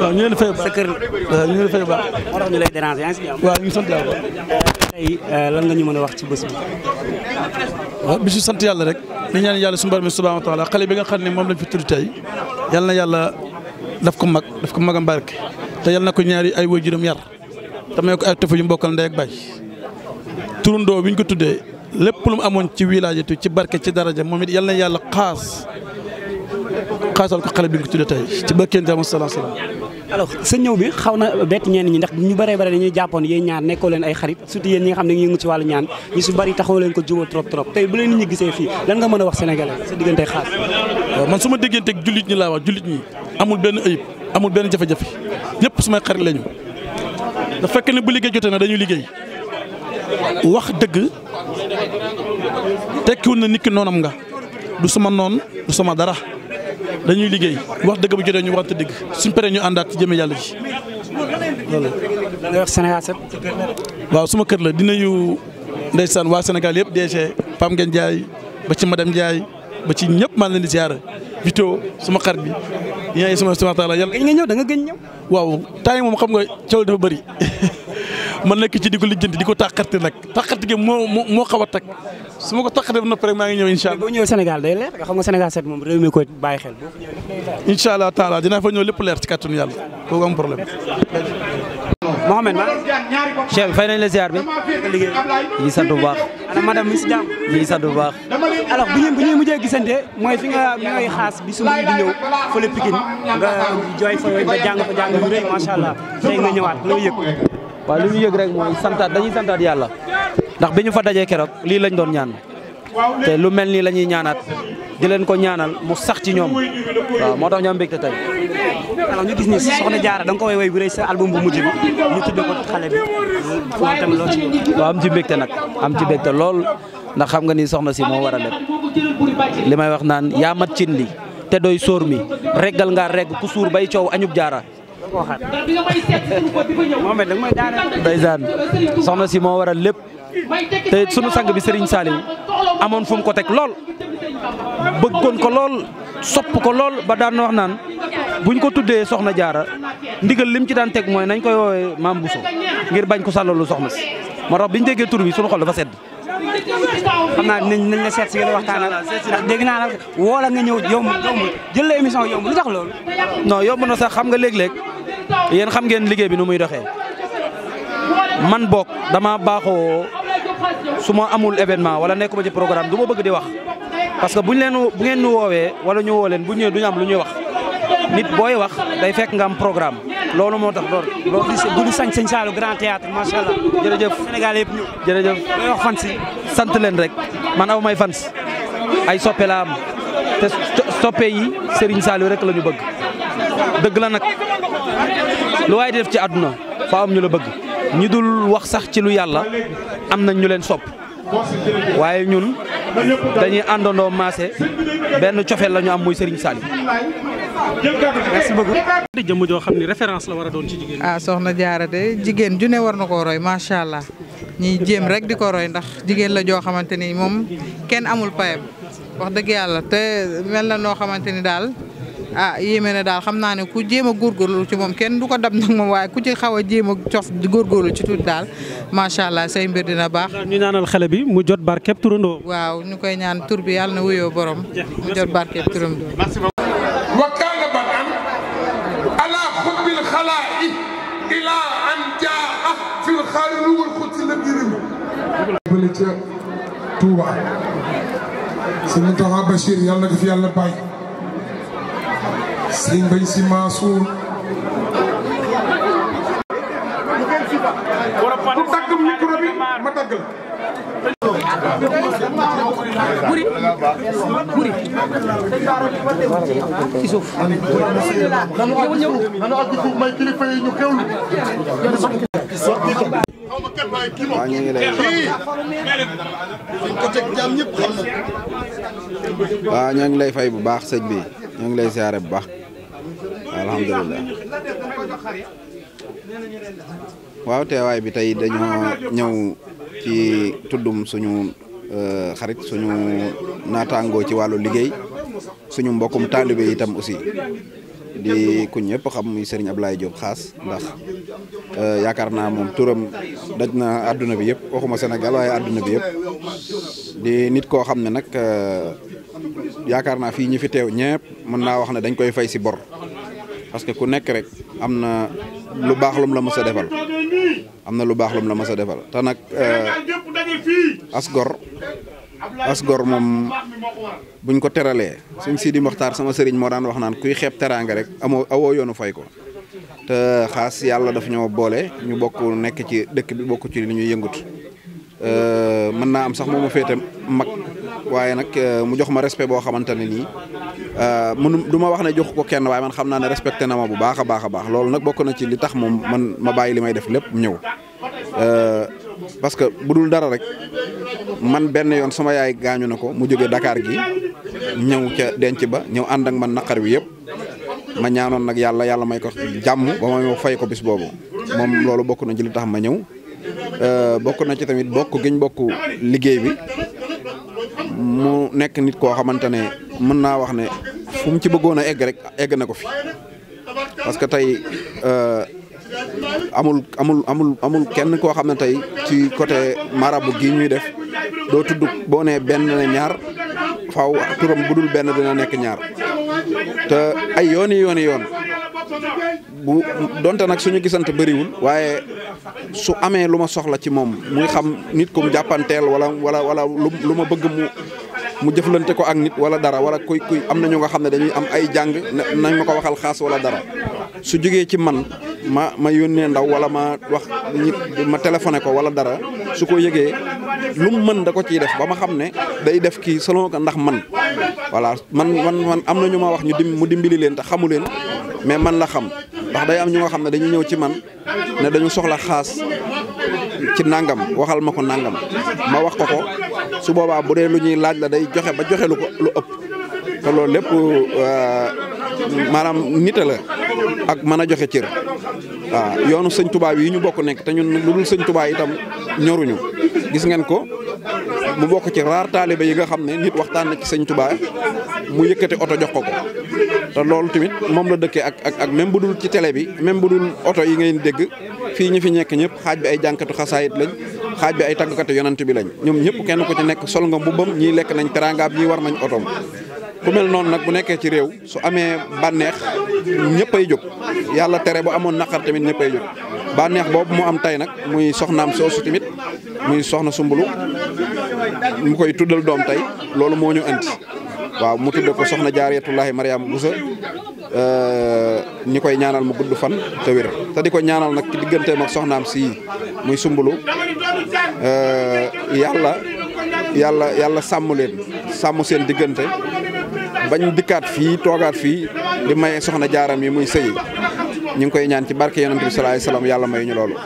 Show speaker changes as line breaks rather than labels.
waaw ñu leen fay baax sa kër waaw ñu leen sant yàlla.
tey euh, lan nga ñu mën a wax ci bés bi. sant yàlla rek. di ñaan yàlla suñu borom bi xale bi nga xam ne moom lañ fi tudd tey yal na yàlla daf ko mag daf ko magam barke te yal na ko ñaari ay waajuram yar te may ko ay tëfu yu mbokkal ndey ak baay turandoo bi ñu ko tuddee lépp lu amoon ci wilaayatu ci barke ci daraja moom it yal na yàlla xaas xaasal ko xale bi ñu tuddee tey ci barkeen jaamu salaam salaam
alors sa ñëw bi xaw na bett ñeen ñi ndax ñu bëree bare dañuy jàppoon yéen ñaar nekkoo leen ay xarit surtout yéen ñi nga xam ne ngi ci wàllu ñaan ñu su bëri taxaw leen ko jubóo trop trop tey bu leen nit ñi gisee fii lan nga mën a wax sénégalais sa diggante xaas
man su ma digganteeg jullit ñi laa wax jullit ñi amul benn ayib amul benn jafe-jafe ñëpp sumay xarit lañu da fekk ne bu liggéey jotee na dañuy liggéey wax dëgg tekkiwul na nit ki noonam nga du sama noon du sama dañuy liggéey wax dëgg bi jotee ñu waxante dëgg suñ paree ñu àndaat ci jëmee yàlla ji loolu waaw suma kër la dina yu ndeysaan waa Sénégal yëpp DG Pam Ngeen Ndiaye ba ci madame Ndiaye ba ci ñëpp maa leen di ziar Vito suma xarit bi. yaa ngi sama subhanahu wa taala yàlla. nga ñëw da nga waaw temps moom xam nga coow dafa bëri. man na ki ci di ko lijjanti di ko tàqarte nag tàqarte gi moo moo xaw a tag su ma ko tàqarte ba noppi rek ñëw incha allah. boo
ñëwee Sénégal day leer xam nga Sénégal set moom réew mi ko
bàyyi xel. incha allah taala dinaa fa ñëw lépp leer ci kàttanu yàlla kooku am problème. Mouhamed ma. chef fay nañ la ziar bi. ñu ngi sant bu baax. ana madame mi si bu baax.
alors bu bu ñu mujjee gisante mooy fi nga ñooy xaas bi suñu di ñëw fële Pikine nga jooy fa nga jàng fa jàng yu rëy macha allah tey nga ñëwaat loo yëg. waa lu ñu yëg rek mooy santaat dañuy santaat yàlla ndax bi ñu fa dajee keroog lii lañ doon ñaan te lu mel nii la ñuy ñaanaat di leen ko ñaanal mu sax ci ñoom waaw moo tax ñu am mbégte tey. gis soxna Diarra da nga ko way way bu rëy album bu mujj bi ñu tuddee ko xale
bi foofu itam loo ci. waaw am ci
mbégte nag am ci mbégte lool ndax xam nga ni soxna si moo war a lépp li may wax naan yaa mat cin li te doy sóor mi reggal ngaa regg ku suur bay coow añub jaara koo xaar. Mohamed nag mooy soxna si moo waral lépp
te sunu sang bi sëriñ Saliou
amoon fu mu ko teg lool bëggoon ko lool sopp ko lool ba daan wax naan buñ ko tuddee soxna jaara ndigal lim ci daan teg mooy nañ koy woowee maam Bousso ngir bañ ko sàllalu soxna si moo tax biñ déggee tur bi sunu xol dafa sedd. xam naa nañ nañ la seet si ngeen waxtaanal ndax naa la woo la nga ñëw yomb jël la émission yomb lu tax loolu. non yomb na sax xam nga léeg-léeg. yéen xam ngeen liggéey bi nu muy doxee man book dama baaxoo su ma amul événement wala nekkuma ci programme du ma bëgg di wax parce que bu buñ leen bu ngeen ñu woowee wala ñu woo leen buñ ñëwee duñu am lu ñuy wax nit booy wax day fekk nga am programme loolu moo tax loolu. loolu bu sañ sëñ Saalu grand théâtre macha allah. jërëjëf Sénégal yëpp ñu. jërëjëf looy wax fans yi sant leen rek man aw may fans ay soppe laa am te soppe yi Serigne Saliou rek lañu ñu bëgg dëgg la nag. lu waaye def ci àdduna faa am ñu la bëgg ñu dul wax sax ci lu yàlla am nañ ñu leen sopp waaye ñun dañuy àndandoo maase benn cofeel la ñu am muy Serigne Saliou. merci beaucoup. jëmm joo xam ne référence la war a ci jigéen ah soxna Diarra de jigéen ju ne war na ko roy macha allah ñuy jéem rek di ko roy ndax jigéen la joo xamante ni moom kenn amul payam wax dëgg yàlla te mel na noo xamante ni daal. ah yéeme na daal xam naa ne ku jéema a góorgóorlu ci moom kenn du ko dab nag moom waaye ku ci xaw a jéem a cof góorgóorlu ci tuuti daal macha allah say mbir dina baax. ñu ñaanal xale bi mu jot barkeb turandoo. waaw ñu koy ñaan tur bi yàlla na wuyoo
borom mu jot barkeb turandoo. Serigne Mbaye Sy Mansour ku dagg micro bi ma dagg buri buri
ci ñu ngi lay waaw
ñoo ngi lay fay bu baax sëñ bi ñoo ngi lay siyaare bu baax waaw teewaay bi tey dañoo ñëw ci tuddum suñu euh, xarit suñu naataangoo ci wàllu liggéey suñu mbokkum taalibe itam aussi di ku ñëpp xam muy Serigne Ablaye Diop xaas ndax euh, yaakaar naa moom turam daj na àdduna bi yëpp waxuma Sénégal waaye àdduna bi yëpp di nit koo xam ne nag euh, yaakaar naa fii ñi fi teew ñëpp mën naa wax ne dañ koy fay si bor parce que ku nekk rek am na lu baax lum la mës a defal am na lu baax lum la mës a te nag euh, as gor
as gor moom
buñ ko teralee suñ Sidi Moxtaar sama sëriñ moo daan wax naan kuy xeeb teraanga rek amoo awoo yoonu fay ko te xaas yàlla daf ñoo boole ñu bokk nekk ci dëkk bi bokk ci lu ñuy yëngut euh, mën naa am sax moom mu féete mag waaye nag euh, mu jox ma respect boo xamante ne nii Euh, mënu du ma wax ne jox ko kenn waay man xam naa ne respecté na ma bu baax a baax a baax loolu nag bokk na ci li tax moom man ma bàyyi li may def lépp ñëw euh, parce que bu dul dara rek man benn yoon sama yaay gaañu na ko mu jóge Dakar gi ñëw ca denc ba ñëw ànd ak man naqar wi yëpp ma ñaanoon nag yàlla yàlla may ko jàmm fay ko bis boobu moom loolu bokk na ci li tax ma ñëw euh, bokk na ci tamit bokk giñ bokk liggéey bi mu nekk nit koo xamante ne mën naa wax ne fu mu ci bëggoon a egg rek egg na ko fi parce que tey euh, amul amul amul amul kenn koo xam ne tey ci côté marabu gi ñuy def doo tudd boo ne benn ñaar faaw turam bu dul benn dina nekk ñaar te ay yooni yooni yoon bu donte nag ñu gisante bëriwul waaye su amee lu ma soxla ci moom muy xam nit ku jàppanteel wala wala wala lu ma bëgg mu mu jëflante ko ak nit wala dara wala kuy kuy am na ñu nga xam ne dañuy am ay jàng nañ ma ko waxal xaas wala dara su jógee ci man ma ma yónnee ndaw wala ma wax nit ma téléphoné ko wala dara su ko yëgee lu mu mën da ko ciy def ba ma xam ne day def kii selon ko ndax man voilà man man man am na ñu ma wax ñu dim mu dimbali leen te xamu leen mais man la xam ndax day am ñu nga xam ne dañuy ñëw ci man ne dañu soxla xaas ci nangam waxal ma ko nangam ma wax ko ko su boobaa bu dee lu ñuy laaj la day joxe ba joxe lu ko lu ëpp te loolu lépp euh, maanaam nite la ak mën a joxe cër waaw yoonu sëñ Tuubaa yi ñu bokk nekk te ñun lu dul sëñ Tuubaa itam ñoruñu gis ngeen ko mu bokk ci raar taalibe yi nga xam ne nit waxtaan na ci sëñ Tuubaa mu yëkkati oto jox ko ko te loolu tamit moom la dëkkee ak ak ak même bu dul ci tele bi même bu dul oto yi ngeen dégg fii ñi fi nekk ñëpp xaaj bi ay jànkatu xasaayit lañ xaaj bi ay tàggkatu yonant bi lañ ñoom ñëpp kenn ku ci nekk sol nga mbubbam ñii lekk nañ teraangaam ñii war nañ otoom ku mel noonu nag bu nekkee ci réew su amee bànneex ñëpp ay jóg yàlla tere bu amoon naqar tamit ñëpp ay jóg bànneex boobu mu am tey nag muy soxnaam soosu tamit muy soxna sumbulu mu koy tuddal doom tey loolu moo ñu andi waaw mu tudde ko soxna jaariyatullahi mariama busa Euh, ñi koy ñaanal mu gudd fan te wér te di ko ñaanal nag ci digganteem ak soxnaam si muy sumbulu euh, yàlla yàlla yàlla sàmmu leen sàmm seen diggante bañ dikkaat fii toogaat fii di maye soxna jaaram yi muy sëy ñu ngi koy ñaan ci barke yonent bi salaay salaam yàlla may ñu loolu